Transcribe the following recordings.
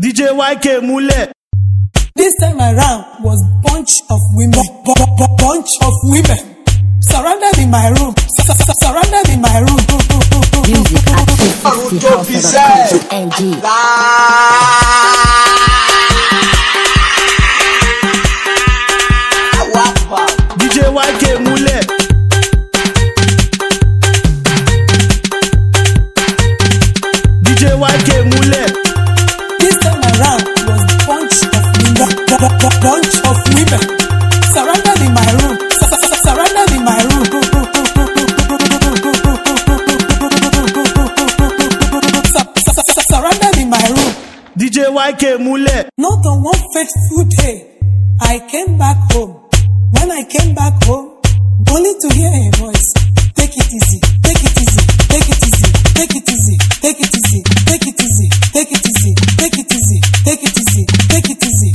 DJ YK Mule. This time around was bunch of women, b- b- b- bunch of women surrounded in my room, surrounded in my room. Music at 250 House of Appeal, NG. DJ YK Mule. Not on one fateful day, I came back home. When I came back home, only to hear a voice. Take it easy, take it easy, take it easy, take it easy, take it easy, take it easy, take it easy, take it easy, take it easy, take it easy.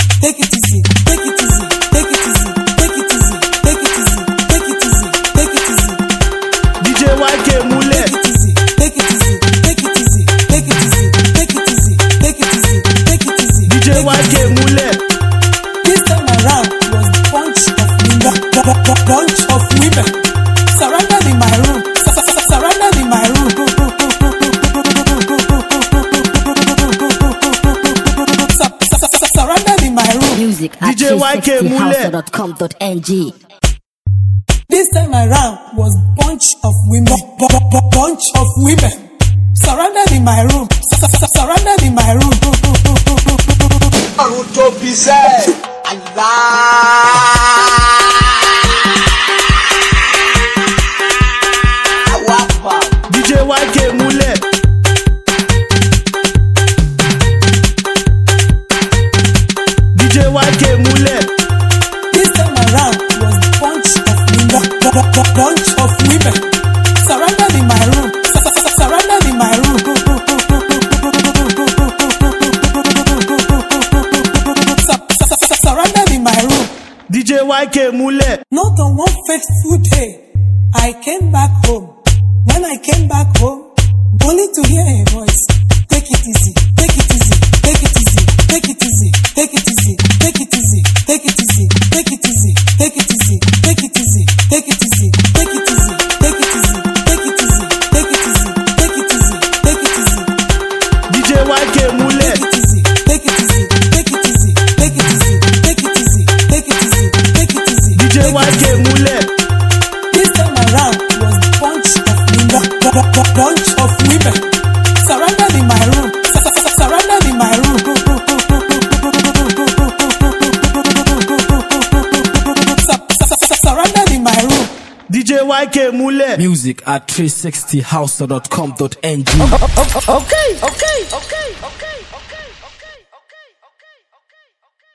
wá múlẹ̀. this time around was bunch of women, punch of winner surrounded in my room surrounded in my room. Music at This time around was bunch of women, bunch of women surrounded in my room, surrounded in my room. JYK múlẹ̀. Not on one fateful day, I came back home. When I came back home, only to hear a voice. Take it easy, take it easy, take it easy, take it easy, take it easy, take it easy, take it easy, take it easy. bunch of women surrounded in my room. Surrounded in my room. Surrounded in my room. DJ YK Mule. Music at 360house.com.ng. Okay, okay, okay, okay, okay.